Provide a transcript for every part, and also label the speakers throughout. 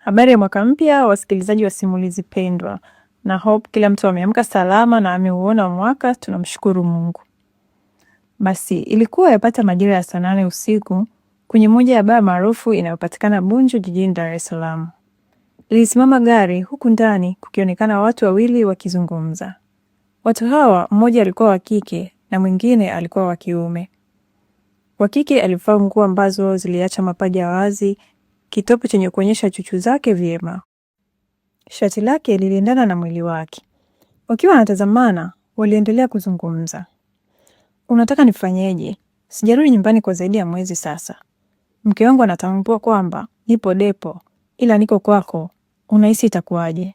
Speaker 1: Habari ya mwaka mpya, wasikilizaji wa simulizi pendwa, na hope kila mtu ameamka salama na ameuona mwaka, tunamshukuru Mungu. Basi ilikuwa yapata majira ya saa nane usiku kwenye moja ya baa maarufu inayopatikana Bunju jijini Dar es Salaam, Ilisimama gari, huku ndani kukionekana watu wawili wakizungumza. Watu hawa mmoja alikuwa wa kike na mwingine alikuwa wa kiume. Wa kike alivaa nguo ambazo ziliacha mapaja wazi kitopu chenye kuonyesha chuchu zake vyema. Shati lake liliendana na mwili wake. Wakiwa wanatazamana, waliendelea kuzungumza. Unataka nifanyeje? Sijarudi nyumbani kwa zaidi ya mwezi sasa. Mke wangu anatambua kwamba nipo depo, ila niko kwako. Unahisi itakuwaje?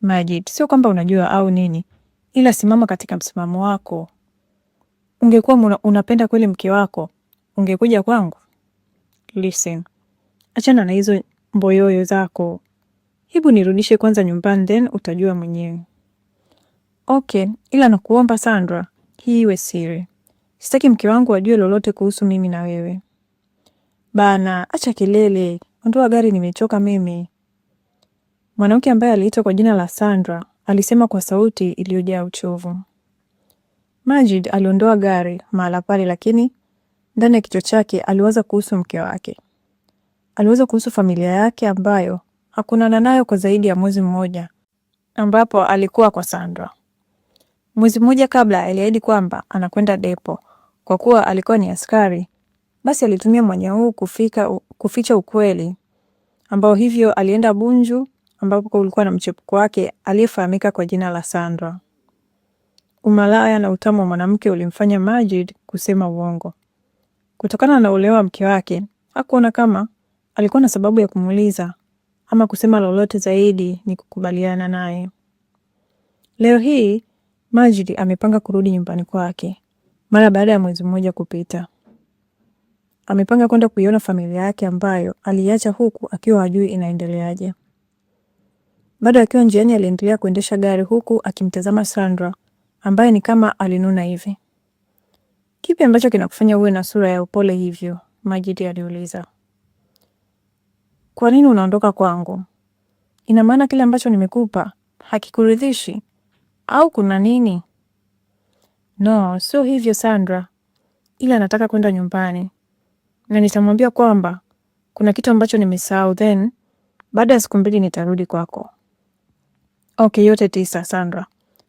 Speaker 1: Majid, sio kwamba unajua au nini, ila simama katika msimamo wako. Ungekuwa unapenda kweli mke wako, ungekuja kwangu. Listen, Achana na hizo mboyoyo zako, hebu nirudishe kwanza nyumbani, then utajua mwenyewe. Okay, ila nakuomba Sandra, hii iwe siri. Sitaki mke wangu ajue lolote kuhusu mimi na wewe. Bana, acha kelele, ondoa gari, nimechoka mimi. Mwanamke ambaye aliitwa kwa jina la Sandra alisema kwa sauti iliyojaa uchovu. Majid aliondoa gari mahala pale, lakini ndani ya kichwa chake aliwaza kuhusu mke wake aliuliza kuhusu familia yake ambayo hakuonana nayo kwa zaidi ya mwezi mmoja ambapo alikuwa kwa Sandra. Mwezi mmoja kabla aliahidi kwamba anakwenda depo kwa kuwa alikuwa ni askari, basi alitumia mwanya huu kufika kuficha ukweli ambao hivyo alienda Bunju ambapo kulikuwa na mchepuko wake aliyefahamika kwa jina la Sandra. Umalaya na utamu wa mwanamke ulimfanya Majid kusema uongo. Kutokana na ulewa mke wake hakuona kama Alikuwa na sababu ya kumuuliza ama kusema lolote zaidi ni kukubaliana naye. Leo hii Majid amepanga kurudi nyumbani kwake mara baada ya mwezi mmoja kupita. Amepanga kwenda kuiona familia yake ambayo aliacha huku akiwa hajui inaendeleaje. Bado akiwa njiani, aliendelea kuendesha gari huku akimtazama Sandra ambaye ni kama alinuna hivi. Kipi ambacho kinakufanya uwe na sura ya upole hivyo? Majidi aliuliza. Kwa nini unaondoka kwangu? Ina maana kile ambacho nimekupa hakikuridhishi au kuna nini? No, sio hivyo Sandra, ila nataka kwenda nyumbani na nitamwambia kwamba kuna kitu ambacho nimesahau, then baada ya siku mbili nitarudi kwako. Okay, yote tisa. Sandra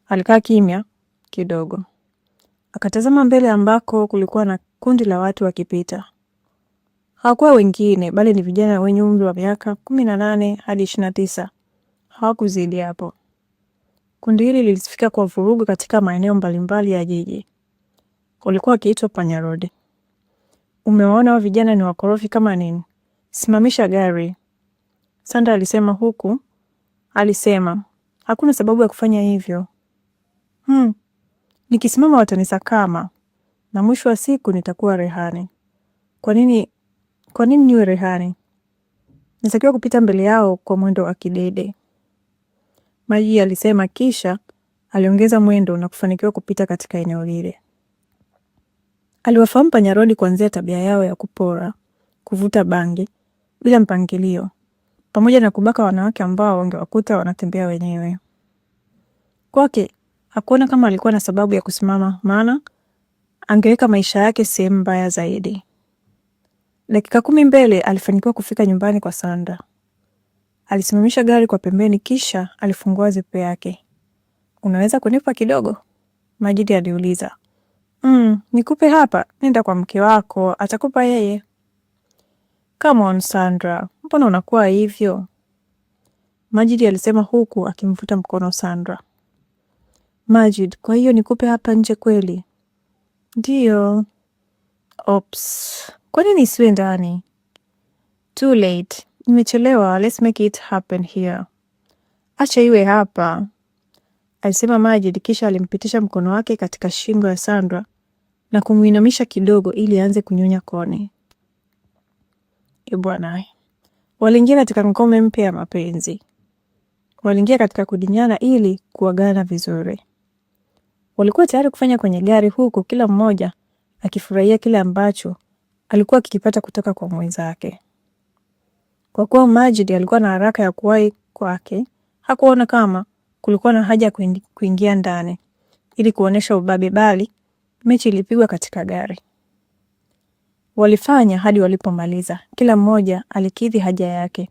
Speaker 1: alikaa kimya kidogo, akatazama mbele ambako kulikuwa na kundi la watu wakipita. Hawakuwa wengine bali ni vijana wenye umri wa miaka kumi na nane hadi ishirini na tisa. Hawakuzidi hapo. Kundi hili lilifika kwa vurugu katika maeneo mbalimbali ya jiji. Walikuwa wakiitwa panya road. Umewaona wa vijana ni wakorofi kama nini? Simamisha gari, Sanda alisema huku alisema hakuna sababu ya kufanya hivyo. Hmm. Nikisimama watanisakama na mwisho wa siku nitakuwa rehani. Kwa nini kwa nini niwe rehani? Natakiwa kupita mbele yao kwa mwendo wa kidede, Maji alisema, kisha aliongeza mwendo na kufanikiwa kupita katika eneo lile. Aliwafahamu panyarodi kuanzia tabia yao ya kupora, kuvuta bangi bila mpangilio, pamoja na kubaka wanawake ambao wangewakuta wanatembea wenyewe. Kwake hakuona kama alikuwa na sababu ya kusimama, maana angeweka maisha yake sehemu mbaya zaidi. Dakika kumi mbele alifanikiwa kufika nyumbani kwa sandra Alisimamisha gari kwa pembeni kisha alifungua zipu yake. Unaweza kunipa kidogo? Majidi aliuliza. Mm, nikupe hapa? Nenda kwa mke wako, atakupa yeye. Come on Sandra, mbona unakuwa hivyo? majidi alisema huku akimvuta mkono Sandra. Majid, kwa hiyo nikupe hapa nje kweli? ndio Ops, kwa nini isiwe ndani? Too late. Nimechelewa. Let's make it happen here. Acha iwe hapa, alisema Majid kisha alimpitisha mkono wake katika shingo ya Sandra na kumuinamisha kidogo ili aanze kunyonya koni. E bwana, waliingia katika ngome mpya ya mapenzi. Waliingia katika kudinyana ili kuagana vizuri. Walikuwa tayari kufanya kwenye gari, huku kila mmoja akifurahia kile ambacho alikuwa akikipata kutoka kwa mwenzake. Kwa kuwa Majid alikuwa na haraka ya kuwahi kwake, hakuona kama kulikuwa na haja kuingia ndani ili kuonesha ubabe, bali mechi ilipigwa katika gari. Walifanya hadi walipomaliza, kila mmoja alikidhi haja yake.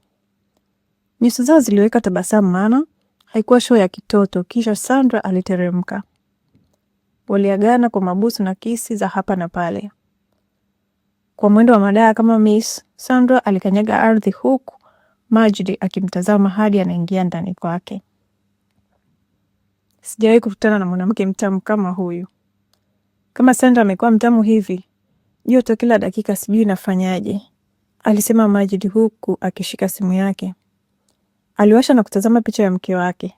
Speaker 1: Nyuso zao ziliweka tabasamu, maana haikuwa show ya kitoto. Kisha Sandra aliteremka, waliagana kwa mabusu na kisi za hapa na pale kwa mwendo wa madaa kama Miss Sandra alikanyaga ardhi huku Majid akimtazama hadi anaingia ndani kwake. Sijawahi kukutana na mwanamke mtamu kama huyu. Kama Sandra amekuwa mtamu hivi, joto kila dakika sijui nafanyaje, alisema Majid huku akishika simu yake. Aliwasha na kutazama picha ya mke wake.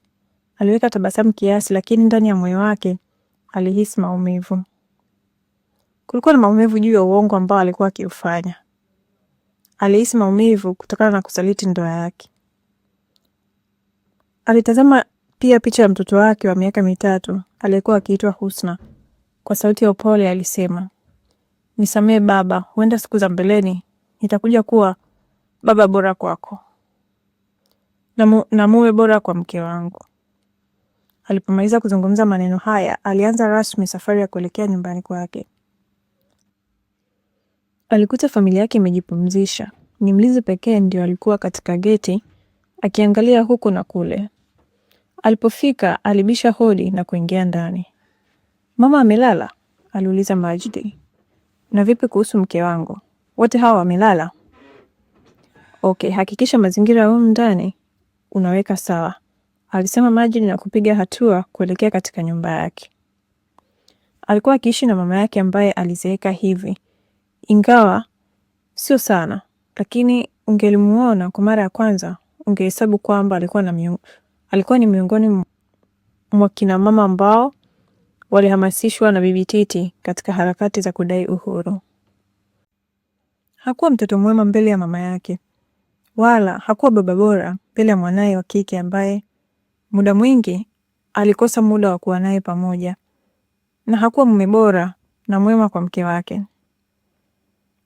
Speaker 1: Aliweka tabasamu kiasi, lakini ndani ya moyo wake alihisi maumivu. Kulikuwa na maumivu juu ya uongo ambao alikuwa akiufanya. Alihisi maumivu kutokana na kusaliti ndoa yake. Alitazama pia picha ya mtoto wake wa miaka mitatu aliyekuwa akiitwa Husna. Kwa sauti ya upole alisema, nisamee baba, huenda siku za mbeleni nitakuja kuwa baba bora kwako na mume bora kwa mke wangu. Alipomaliza kuzungumza maneno haya, alianza rasmi safari ya kuelekea nyumbani kwake. Alikuta familia yake imejipumzisha, ni mlinzi pekee ndio alikuwa katika geti akiangalia huku na kule. Alipofika alibisha hodi na kuingia ndani. Mama amelala? aliuliza Majdi. Na vipi kuhusu mke wangu, wote hawa wamelala? Okay, hakikisha mazingira ya ndani unaweka sawa, alisema Majdi na kupiga hatua kuelekea katika nyumba yake. Alikuwa akiishi na mama yake ambaye alizeeka hivi ingawa sio sana, lakini ungelimuona kwa mara ya kwanza ungehesabu kwamba alikuwa na miung... alikuwa ni miongoni mwa kina mama ambao walihamasishwa na Bibi Titi katika harakati za kudai uhuru. Hakuwa mtoto mwema mbele ya mama yake, wala hakuwa baba bora mbele ya mwanaye wa kike ambaye muda mwingi alikosa muda wa kuwa naye pamoja, na hakuwa mume bora na mwema kwa mke wake.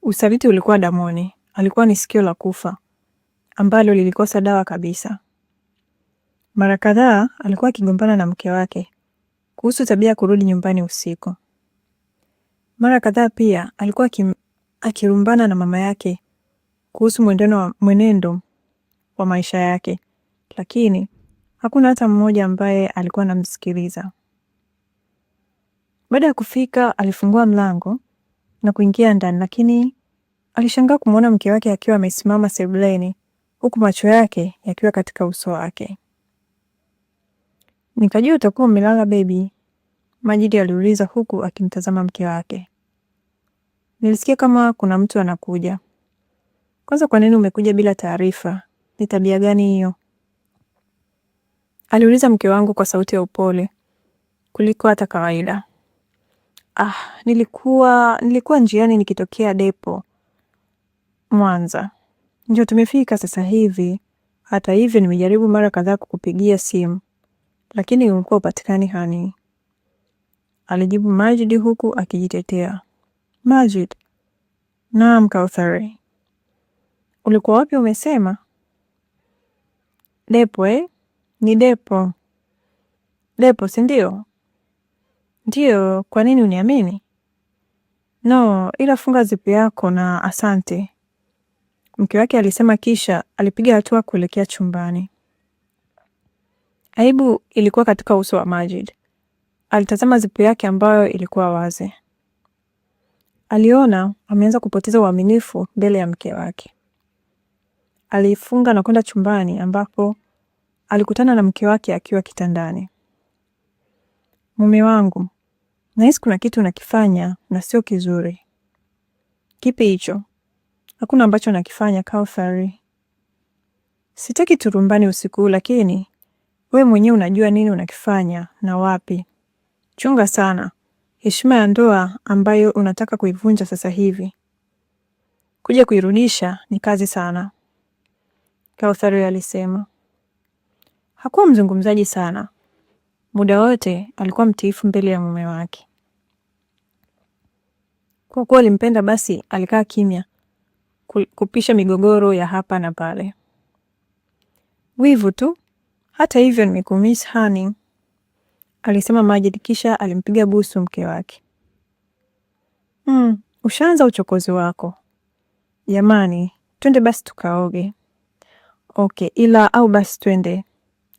Speaker 1: Usaliti ulikuwa damoni, alikuwa ni sikio la kufa ambalo lilikosa dawa kabisa. Mara kadhaa alikuwa akigombana na mke wake kuhusu tabia ya kurudi nyumbani usiku. Mara kadhaa pia alikuwa kim, akirumbana na mama yake kuhusu mwenendo wa, mwenendo wa maisha yake, lakini hakuna hata mmoja ambaye alikuwa anamsikiliza. Baada ya kufika, alifungua mlango na kuingia ndani, lakini alishangaa kumwona mke wake akiwa amesimama sebuleni huku macho yake yakiwa katika uso wake. Nikajua utakuwa umelala bebi, Majidi aliuliza huku akimtazama mke wake. Nilisikia kama kuna mtu anakuja. Kwanza kwa nini umekuja bila taarifa? Ni tabia gani hiyo? aliuliza mke wangu kwa sauti ya upole kuliko hata kawaida. Ah, nilikuwa nilikuwa njiani nikitokea depo Mwanza, ndio tumefika sasa hivi. Hata hivyo, nimejaribu mara kadhaa kukupigia simu lakini ulikuwa upatikani hani, alijibu Majid huku akijitetea. Majid: naam Kauthari, ulikuwa wapi? Umesema depo eh? Ni depo, depo si ndio? ndio kwa nini uniamini? No, ila funga zipu yako na asante, mke wake alisema, kisha alipiga hatua kuelekea chumbani. Aibu ilikuwa katika uso wa Majid. Alitazama zipu yake ambayo ilikuwa wazi. Aliona ameanza kupoteza uaminifu mbele ya mke wake. alifunga na kwenda chumbani ambapo alikutana na mke wake akiwa kitandani. Mume wangu, Nahisi kuna kitu nakifanya na sio kizuri. Kipi hicho? Hakuna ambacho nakifanya Kauthar. Sitaki turumbani usiku huu, lakini we mwenyewe unajua nini unakifanya na wapi. Chunga sana heshima ya ndoa ambayo unataka kuivunja sasa hivi. Kuja kuirudisha ni kazi sana, Kauthar alisema. Hakuwa mzungumzaji sana, Muda wote alikuwa mtiifu mbele ya mume wake. Kwa kuwa alimpenda, basi alikaa kimya kupisha migogoro ya hapa na pale. Wivu tu. Hata hivyo nimekumiss honey, alisema Majid, kisha alimpiga busu mke wake. Mm, ushaanza uchokozi wako jamani, twende basi tukaoge. Okay, ila au basi twende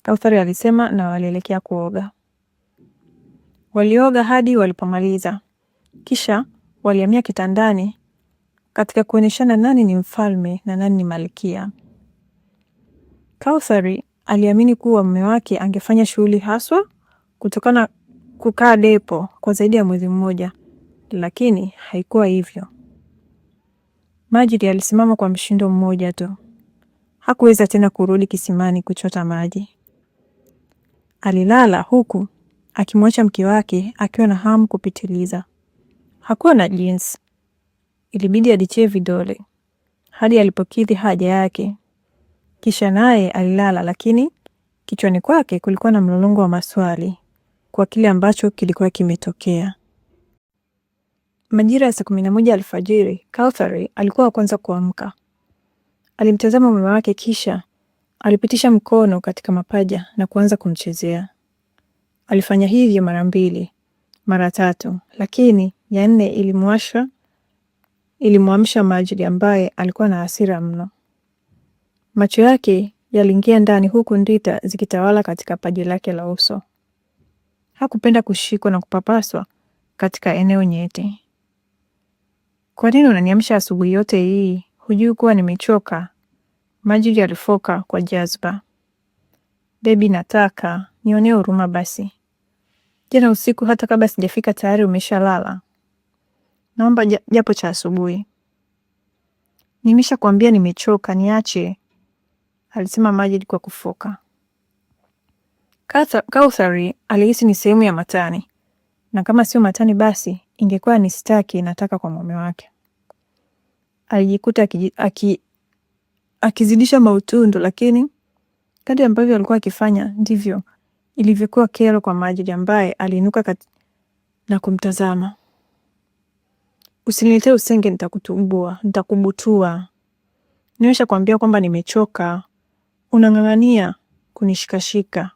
Speaker 1: Kauthari alisema na walielekea kuoga. Walioga hadi walipomaliza, kisha walihamia kitandani katika kuonyeshana nani ni mfalme na nani ni malkia. Kauthari aliamini kuwa mume wake angefanya shughuli haswa kutokana kukaa depo kwa zaidi ya mwezi mmoja, lakini haikuwa hivyo. Majidi alisimama kwa mshindo mmoja tu, hakuweza tena kurudi kisimani kuchota maji. Alilala huku akimwacha mke wake akiwa na hamu kupitiliza. Hakuwa na jinsi, ilibidi adichie vidole hadi alipokidhi haja yake, kisha naye alilala, lakini kichwani kwake kulikuwa na mlolongo wa maswali kwa kile ambacho kilikuwa kimetokea. Majira ya saa kumi na moja alfajiri, Kauthar alikuwa wa kwanza kuamka. Alimtazama mume wake, kisha Alipitisha mkono katika mapaja na kuanza kumchezea. Alifanya hivyo mara mbili, mara tatu, lakini ya nne ilimwasha ilimwamsha Majid ambaye alikuwa na hasira mno. Macho yake yaliingia ndani huku ndita zikitawala katika paji lake la uso. Hakupenda kushikwa na kupapaswa katika eneo nyeti. Kwa nini unaniamsha asubuhi yote hii? Hujui kuwa nimechoka? majid alifoka kwa jazba. Bebi, nataka nionee huruma basi. Jana usiku hata kabla sijafika tayari umeshalala. Naomba japo cha asubuhi. Nimeshakwambia nimechoka, niache, alisema Majid kwa kufoka. Kauthari alihisi ni sehemu ya matani, na kama sio matani basi ingekuwa ni staki nataka kwa mume wake. Alijikuta akizidisha mautundu, lakini kadri ambavyo alikuwa akifanya ndivyo ilivyokuwa kero kwa Majid ambaye aliinuka kat... na kumtazama. Usiniletee usenge, nitakutubua, nitakubutua. Nimesha kuambia kwamba nimechoka, unang'ang'ania kunishikashika,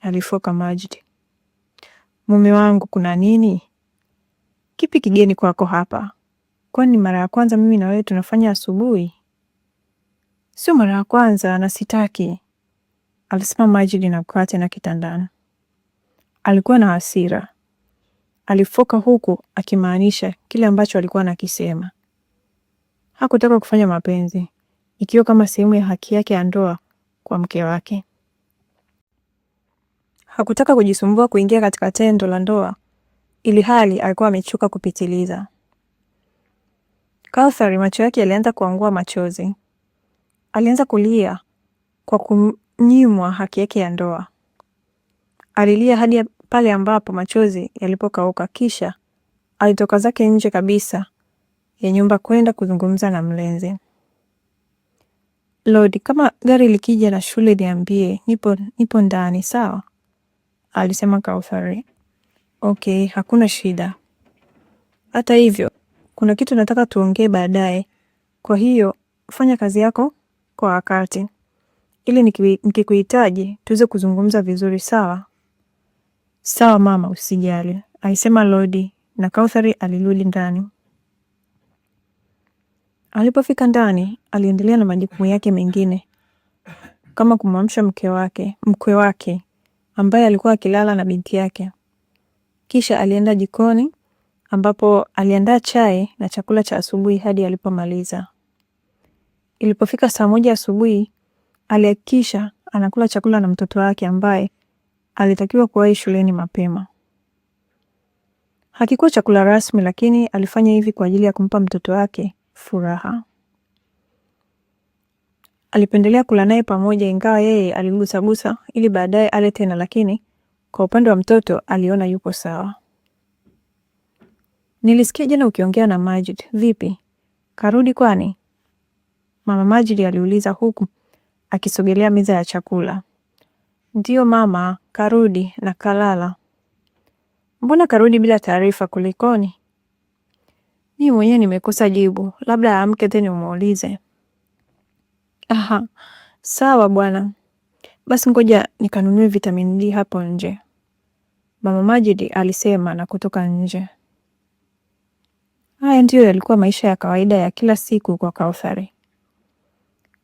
Speaker 1: alifoka Majid. Mume wangu, kuna nini? Kipi kigeni kwako hapa? Kwani mara ya kwanza mimi na wewe tunafanya asubuhi? Sio mara ya kwanza na sitaki, alisema Majid na kukaa tena kitandani. Alikuwa na hasira, alifoka huku akimaanisha kile ambacho alikuwa anakisema. Hakutaka kufanya mapenzi ikiwa kama sehemu ya haki yake ya ndoa kwa mke wake. Hakutaka kujisumbua kuingia katika tendo la ndoa, ili hali alikuwa amechoka kupitiliza. Kauthar macho yake yalianza kuangua machozi. Alianza kulia kwa kunyimwa haki yake ya ndoa. Alilia hadi pale ambapo machozi yalipokauka, kisha alitoka zake nje kabisa ya nyumba kwenda kuzungumza na mlenzi. Lodi, kama gari likija na shule niambie, nipo, nipo ndani sawa, alisema Kauthari. Okay, hakuna shida. Hata hivyo kuna kitu nataka tuongee baadaye, kwa hiyo fanya kazi yako kwa wakati ili nikikuhitaji tuweze kuzungumza vizuri, sawa? Sawa mama, usijali, alisema Lodi na Kauthari alirudi ndani. Alipofika ndani, aliendelea na majukumu yake mengine kama kumwamsha mke wake mkwe wake ambaye alikuwa akilala na binti yake. Kisha alienda jikoni ambapo aliandaa chai na chakula cha asubuhi hadi alipomaliza. Ilipofika saa moja asubuhi, alihakikisha anakula chakula na mtoto wake ambaye alitakiwa kuwahi shuleni mapema. Hakikuwa chakula rasmi, lakini alifanya hivi kwa ajili ya kumpa mtoto wake furaha. Alipendelea kula naye pamoja, ingawa yeye aligusagusa ili baadaye ale tena, lakini kwa upande wa mtoto aliona yuko sawa. Nilisikia jana ukiongea na Majid. Vipi, karudi kwani? Mama Majid aliuliza huku akisogelea meza ya chakula. Ndiyo mama, karudi na kalala. Mbona karudi bila taarifa, kulikoni? Mi mwenyewe nimekosa jibu, labda amke tena umuulize. Aha, sawa bwana. Basi ngoja nikanunue vitamin D hapo nje, Mama Majidi alisema na kutoka nje. Haya ndiyo yalikuwa maisha ya kawaida ya kila siku kwa Kauthari.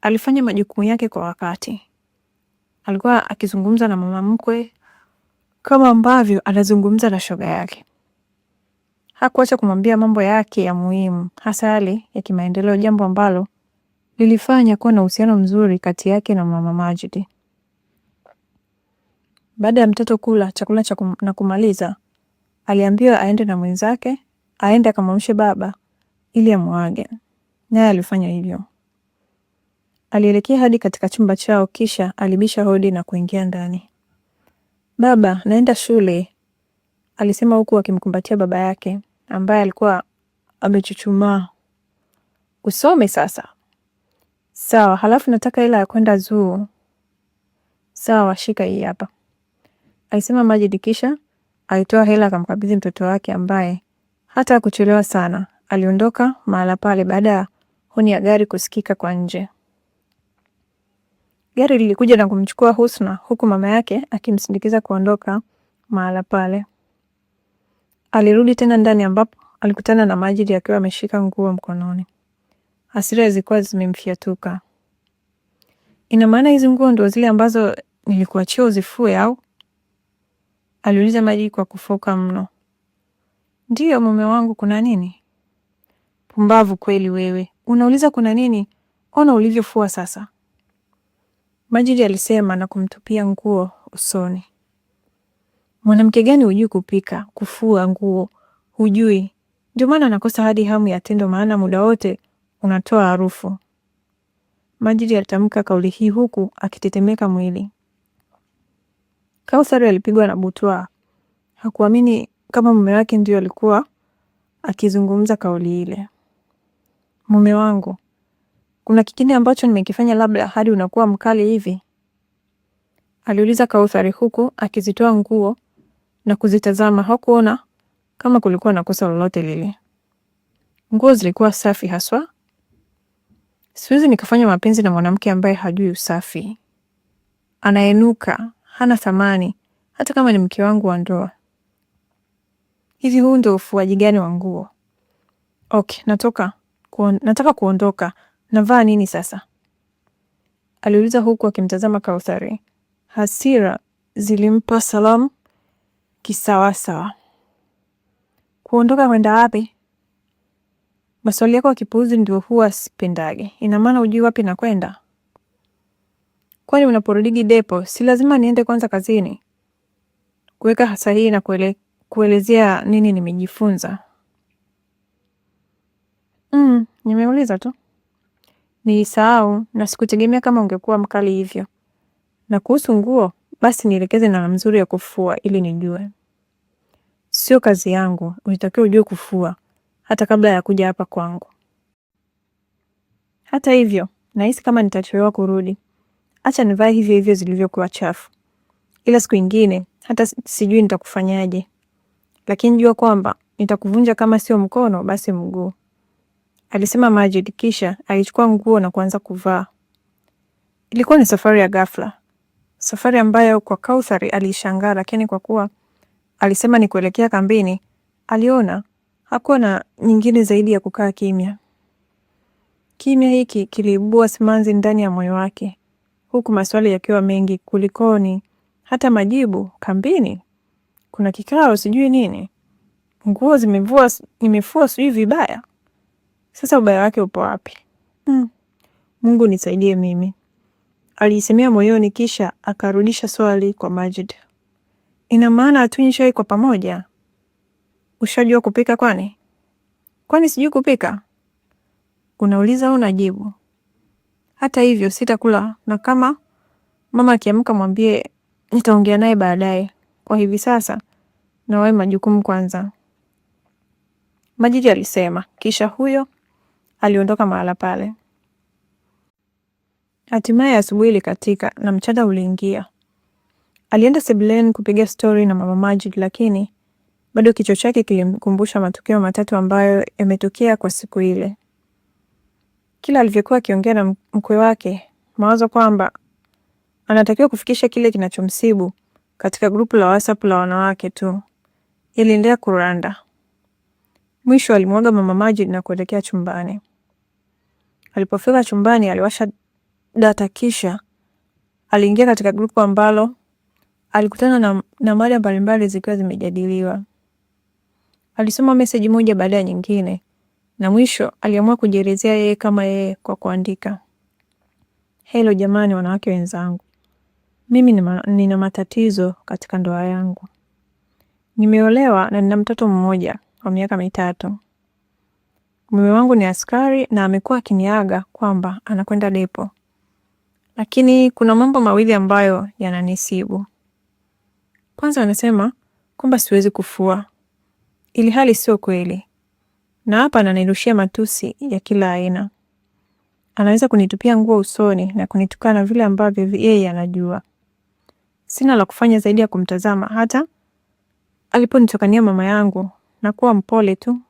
Speaker 1: Alifanya majukumu yake kwa wakati. Alikuwa akizungumza na mama mkwe kama ambavyo anazungumza na shoga yake. Hakuacha kumwambia mambo yake ya muhimu, hasa yale ya kimaendeleo, jambo ambalo lilifanya kuwa na uhusiano mzuri kati yake na mama Majid. Baada ya mtoto kula chakula cha kum, na kumaliza, aliambiwa aende na mwenzake, aende akamwamshe baba ili amwage, naye alifanya hivyo. Alielekea hadi katika chumba chao, kisha alibisha hodi na kuingia ndani. Baba, naenda shule, alisema huku akimkumbatia baba yake ambaye alikuwa amechuchumaa. Usome sasa. Sawa, halafu nataka hela ya kwenda zuu. Sawa, shika hii hapa, alisema Majid, kisha alitoa hela akamkabidhi mtoto wake ambaye hata kuchelewa sana aliondoka mahala pale baada ya honi ya gari kusikika kwa nje. Gari lilikuja na kumchukua Husna huku mama yake akimsindikiza kuondoka mahala pale. Alirudi tena ndani ambapo alikutana na Majidi akiwa ameshika nguo mkononi. Hasira zilikuwa zimemfyatuka. Ina maana hizi nguo ndio zile ambazo nilikuachia uzifue au? Aliuliza Majid kwa kufoka mno. Ndiyo mume wangu, kuna nini? Pumbavu kweli wewe, unauliza kuna nini? Ona ulivyofua sasa. Majid alisema na kumtupia nguo usoni. Mwanamke gani hujui kupika, kufua nguo, hujui? Ndio maana anakosa hadi hamu ya tendo, maana muda wote unatoa harufu. Majid alitamka kauli hii huku akitetemeka mwili. Kausar alipigwa na butwa Hakuamini kama mume wake ndio alikuwa akizungumza kauli ile. Mume wangu, kuna kingine ambacho nimekifanya labda hadi unakuwa mkali hivi? aliuliza Kauthari huku akizitoa nguo na kuzitazama. Hakuona kama kulikuwa na kosa lolote lile. Nguo zilikuwa safi haswa. Siwezi nikafanya mapenzi na mwanamke ambaye hajui usafi, anaenuka, hana thamani, hata kama ni mke wangu wa ndoa. Hivi huu ndo ufuaji gani wa nguo? Okay, natoka kuon, nataka kuondoka Navaa nini sasa? aliuliza huku akimtazama Kauthari. Hasira zilimpa Salam kisawasawa. Kuondoka kwenda wapi? Maswali yako ya kipuuzi ndio huwa sipendage. Ina maana ujui wapi nakwenda? Kwani unaporudigi depo si lazima niende kwanza kazini kuweka hii na kuele, kuelezea nini nimejifunza? Mm, nimeuliza tu. Nilisahau na sikutegemea kama ungekuwa mkali hivyo. Na kuhusu nguo, basi nielekeze namna nzuri ya kufua ili nijue. Sio kazi yangu, ulitakiwa ujue kufua hata kabla ya kuja hapa kwangu. Hata hivyo, nahisi kama nitachelewa kurudi. Acha nivae hivyo hivyo zilivyokuwa chafu, ila siku ingine hata sijui nitakufanyaje, lakini jua kwamba nitakuvunja kama sio mkono basi mguu alisema Majid kisha alichukua nguo na kuanza kuvaa. Ilikuwa ni safari ya ghafla, safari ambayo kwa Kauthar alishangaa lakini kwa kuwa alisema ni kuelekea kambini, aliona hakuwa na nyingine zaidi ya kukaa kimya. Kimya hiki kiliibua simanzi ndani ya moyo wake, huku maswali yakiwa mengi. Kulikoni? hata majibu. Kambini kuna kikao, sijui nini, nguo zimevua imefua, sijui vibaya sasa ubaya wake upo wapi? Hmm. Mungu nisaidie mimi, aliisemea moyoni, kisha akarudisha swali kwa Majid. Ina maana hatunywi chai kwa pamoja? Ushajua kupika kwani? Kwani sijui kupika? Unauliza au najibu? Hata hivyo sitakula, na kama mama akiamka mwambie nitaongea naye baadaye. Kwa hivi sasa nawahi majukumu kwanza, Majidi alisema, kisha huyo aliondoka mahala pale. Hatimaye asubuhi ilikatika na mchana uliingia. Alienda sebuleni kupiga stori na mama Majid, lakini bado kichwa chake kilimkumbusha matukio matatu ambayo yametokea kwa siku ile. Kila alivyokuwa akiongea na mkwe wake, mawazo kwamba anatakiwa kufikisha kile kinachomsibu katika grupu la WhatsApp la wanawake tu yaliendelea kuranda. Mwisho alimwaga mama maji na kuelekea chumbani. Alipofika chumbani, aliwasha data kisha aliingia katika grupu ambalo alikutana na, na mada mbalimbali zikiwa zimejadiliwa. Alisoma meseji moja baada ya nyingine na mwisho aliamua kujielezea yeye kama yeye kwa kuandika, helo jamani, wanawake wenzangu, mimi nima, nina matatizo katika ndoa yangu, nimeolewa na nina mtoto mmoja kwa miaka mitatu. Mume wangu ni askari na amekuwa akiniaga kwamba anakwenda depo, lakini kuna mambo mawili ambayo yananisibu. Kwanza, anasema kwamba siwezi kufua, ili hali sio kweli, na hapa ananirushia matusi ya kila aina. Anaweza kunitupia nguo usoni na kunitukana vile ambavyo yeye anajua. Sina la kufanya zaidi ya kumtazama. Hata aliponitokania mama yangu, na kuwa mpole tu.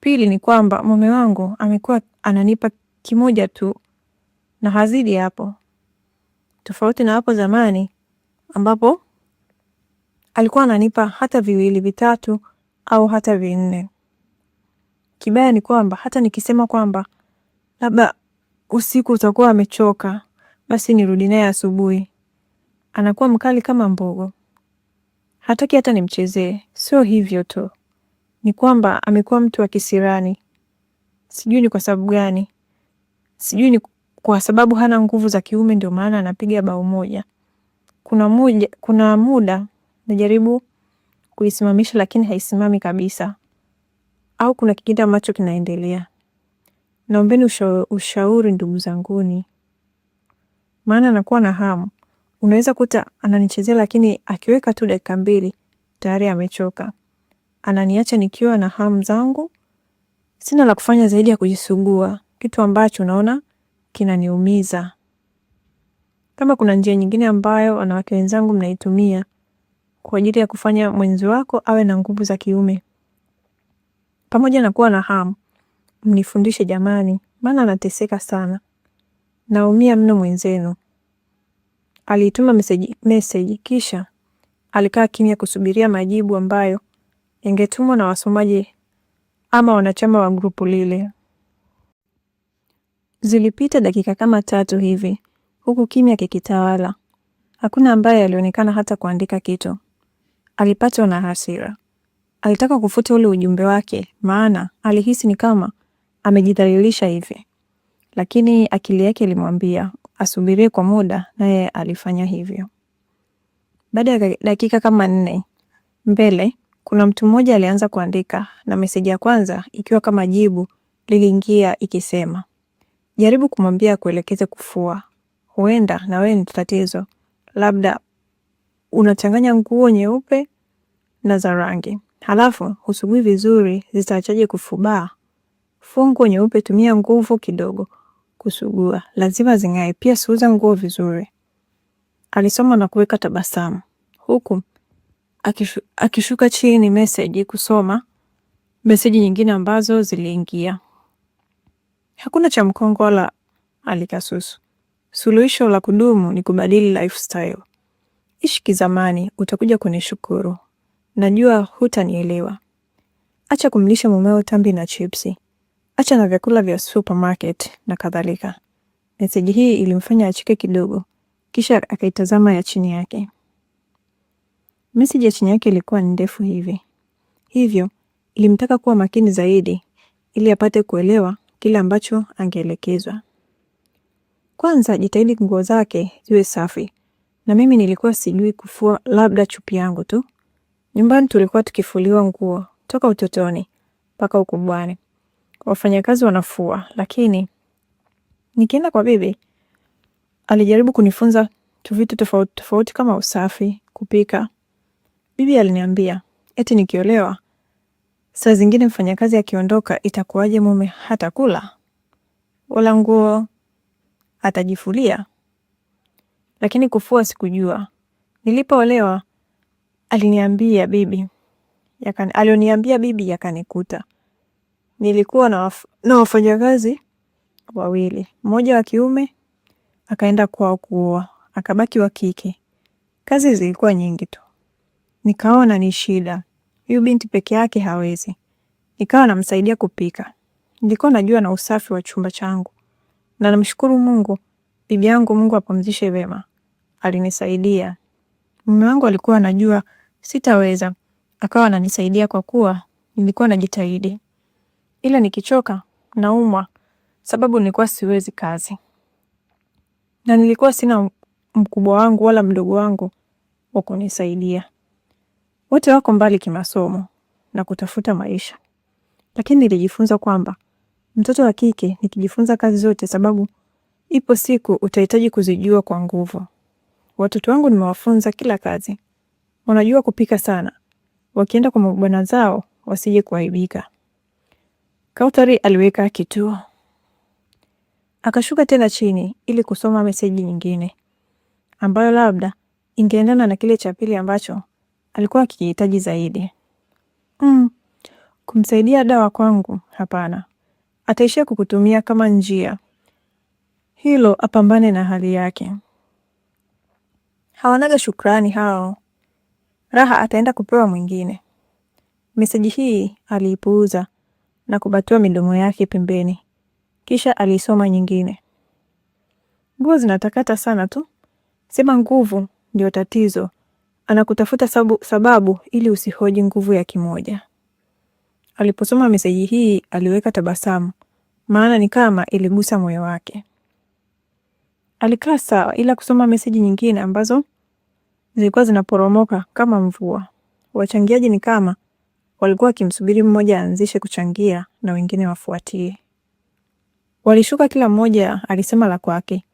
Speaker 1: Pili ni kwamba mume wangu amekuwa ananipa kimoja tu na hazidi hapo, tofauti na hapo zamani ambapo alikuwa ananipa hata viwili vitatu au hata vinne. Kibaya ni kwamba hata nikisema kwamba labda usiku utakuwa amechoka, basi nirudi naye asubuhi, anakuwa mkali kama mbogo hataki hata nimchezee. Sio hivyo tu, ni kwamba amekuwa mtu wa kisirani, sijui ni kwa sababu gani, sijui ni kwa sababu hana nguvu za kiume, ndio maana anapiga bao moja. Kuna moja, kuna muda najaribu kuisimamisha lakini haisimami kabisa, au kuna kingine ambacho kinaendelea. Naombeni ushauri, ushauri ndugu zanguni, maana nakuwa na hamu Unaweza kuta ananichezea, lakini akiweka tu dakika mbili tayari amechoka, ananiacha nikiwa na hamu zangu, sina la kufanya zaidi ya kujisugua, kitu ambacho naona kinaniumiza. Kama kuna njia nyingine ambayo wanawake wenzangu mnaitumia kwa ajili ya kufanya mwenzi wako awe na nguvu za kiume pamoja na kuwa na hamu, mnifundishe jamani, maana anateseka sana. Naumia mno mwenzenu. Aliituma meseji, meseji kisha alikaa kimya kusubiria majibu ambayo yangetumwa na wasomaji ama wanachama wa grupu lile. Zilipita dakika kama tatu hivi huku kimya kikitawala. Hakuna ambaye alionekana hata kuandika kitu. Alipatwa na hasira, alitaka kufuta ule ujumbe wake, maana alihisi ni kama amejidhalilisha hivi, lakini akili yake ilimwambia asubirie kwa muda, naye alifanya hivyo. Baada ya dakika kama nne mbele, kuna mtu mmoja alianza kuandika, na meseji ya kwanza ikiwa kama jibu liliingia ikisema, jaribu kumwambia kuelekeze kufua, huenda na wewe ni tatizo, labda unachanganya nguo nyeupe na za rangi, halafu husugui vizuri, zitaachaje kufubaa? Fua nguo nyeupe, tumia nguvu kidogo, kusugua, lazima zing'ae. Pia siuze nguo vizuri. Alisoma na kuweka tabasamu huku akishu, akishuka chini meseji kusoma meseji nyingine ambazo ziliingia. Hakuna cha mkongo wala alikasusu. Suluhisho la kudumu ni kubadili lifestyle. Ishi kizamani, utakuja kunishukuru. Najua hutanielewa. Acha kumlisha mumeo tambi na chipsi acha na vyakula vya supermarket na kadhalika. Meseji hii ilimfanya acheke kidogo, kisha akaitazama ya chini yake. Meseji ya chini yake ilikuwa ndefu hivi hivyo, ilimtaka kuwa makini zaidi ili apate kuelewa kile ambacho angeelekezwa. Kwanza jitahidi nguo zake ziwe safi, na mimi nilikuwa sijui kufua, labda chupi yangu tu. Nyumbani tulikuwa tukifuliwa nguo toka utotoni mpaka ukubwani wafanyakazi wanafua, lakini nikienda kwa bibi alijaribu kunifunza tu vitu tofauti tofauti kama usafi, kupika. Bibi aliniambia eti nikiolewa saa zingine mfanyakazi akiondoka itakuwaje? Mume hata kula wala nguo atajifulia? Lakini kufua sikujua. Nilipoolewa aliniambia bibi yakani, alioniambia bibi yakanikuta nilikuwa na, waf na wafanyakazi wawili, mmoja wa kiume akaenda kwao kuoa, akabaki wa kike. Kazi zilikuwa nyingi tu, nikaona ni shida, huyu binti peke yake hawezi. Nikawa namsaidia kupika, nilikuwa najua na usafi wa chumba changu, na namshukuru Mungu, bibi yangu, Mungu apumzishe vema, alinisaidia. Mume wangu alikuwa anajua sitaweza, akawa ananisaidia kwa kuwa nilikuwa najitahidi ila nikichoka naumwa, sababu nilikuwa siwezi kazi na nilikuwa sina mkubwa wangu wala mdogo wangu wa kunisaidia. Wote wako mbali kimasomo na kutafuta maisha, lakini nilijifunza kwamba mtoto wa kike nikijifunza kazi zote, sababu ipo siku utahitaji kuzijua kwa nguvu. Watoto wangu nimewafunza kila kazi, wanajua kupika sana, wakienda kwa mabwana zao wasije kuaibika kautari aliweka kituo akashuka tena chini ili kusoma meseji nyingine ambayo labda ingeendana na kile cha pili ambacho alikuwa akihitaji zaidi. Mm, kumsaidia dawa kwangu? Hapana, ataishia kukutumia kama njia, hilo apambane na hali yake. Hawanaga shukrani hao, raha ataenda kupewa mwingine. Meseji hii aliipuuza na kubatua midomo yake pembeni, kisha alisoma nyingine. Nguo zinatakata sana tu, sema nguvu ndio tatizo. Anakutafuta sababu, sababu ili usihoji nguvu ya kimoja. Aliposoma meseji hii aliweka tabasamu, maana ni kama iligusa moyo wake. Alikaa sawa, ila kusoma meseji nyingine ambazo zilikuwa zinaporomoka kama mvua. Wachangiaji ni kama Walikuwa wakimsubiri mmoja aanzishe kuchangia na wengine wafuatie. Walishuka, kila mmoja alisema la kwake,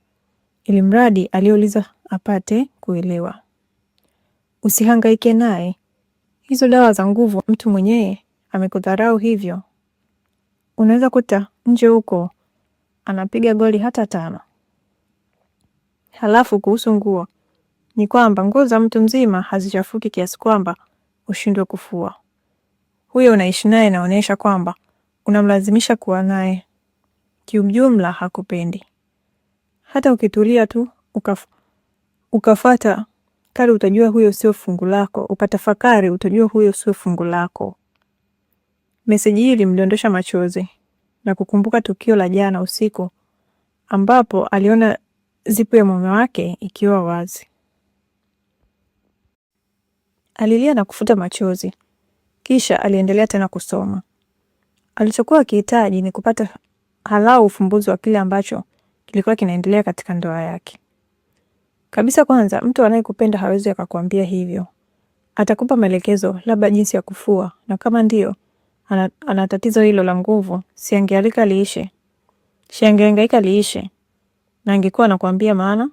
Speaker 1: ili mradi aliyouliza apate kuelewa. Usihangaike naye, hizo dawa za nguvu, mtu mwenyewe amekudharau hivyo. Unaweza kuta nje huko anapiga goli hata tano. Halafu kuhusu nguo, ni kwamba nguo za mtu mzima hazichafuki kiasi kwamba ushindwe kufua huyo unaishi naye inaonyesha kwamba unamlazimisha kuwa naye. kiujumla hakupendi. Hata ukitulia tu ukaf, ukafata kali, utajua huyo sio fungu lako. Ukatafakari, utajua huyo sio fungu lako. Meseji hii ilimdondosha machozi na kukumbuka tukio la jana usiku ambapo aliona zipu ya mume wake ikiwa wazi. Alilia na kufuta machozi kisha aliendelea tena kusoma. Alichokuwa akihitaji ni kupata halau ufumbuzi wa kile ambacho kilikuwa kinaendelea katika ndoa yake. Kabisa kwanza, mtu anayekupenda hawezi akakwambia hivyo. Atakupa maelekezo, labda jinsi ya kufua, na kama ndiyo ana, ana tatizo hilo la nguvu, si angealika liishe, si angehangaika liishe, na angekuwa anakuambia maana,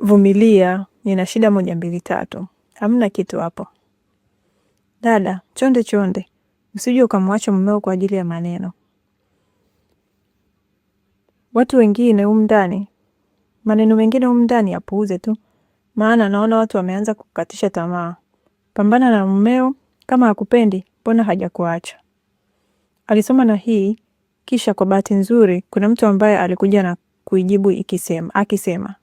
Speaker 1: vumilia, nina shida moja mbili tatu. Hamna kitu hapo. Dada, chonde chonde, usije ukamwacha mumeo kwa ajili ya maneno. Watu wengine humu ndani, maneno mengine humu ndani yapuuze tu, maana naona watu wameanza kukatisha tamaa. Pambana na mumeo, kama hakupendi, mbona hajakuacha? Alisoma na hii kisha kwa bahati nzuri kuna mtu ambaye alikuja na kuijibu ikisema, akisema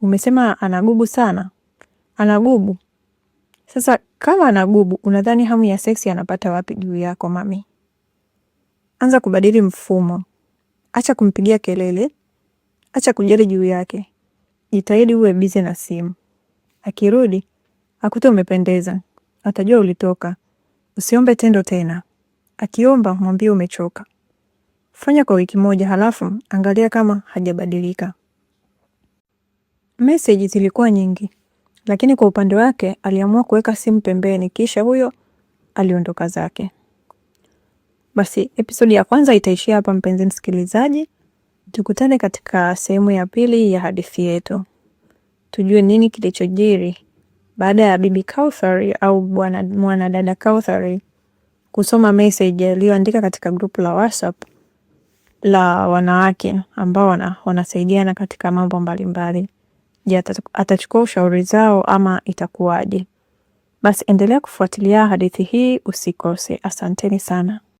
Speaker 1: umesema anagubu sana. Anagubu sasa kama anagubu, unadhani hamu ya seksi anapata wapi juu yako mami? Anza kubadili mfumo. Acha kumpigia kelele, acha kujali juu yake. Jitahidi uwe bize na simu. Akirudi akute umependeza, atajua ulitoka. Usiombe tendo tena, akiomba mwambie umechoka. Fanya kwa wiki moja, halafu angalia kama hajabadilika. Meseji zilikuwa nyingi, lakini kwa upande wake aliamua kuweka simu pembeni kisha huyo aliondoka zake. Basi episodi ya kwanza itaishia hapa, mpenzi msikilizaji. Tukutane katika sehemu ya pili ya hadithi yetu, tujue nini kilichojiri baada ya Bibi Kauthar au bwana mwanadada Kauthar kusoma message aliyoandika katika grupu la WhatsApp la wanawake ambao wanasaidiana katika mambo mbalimbali. Je, atachukua ushauri zao ama itakuwaje? Basi endelea kufuatilia hadithi hii, usikose. Asanteni sana.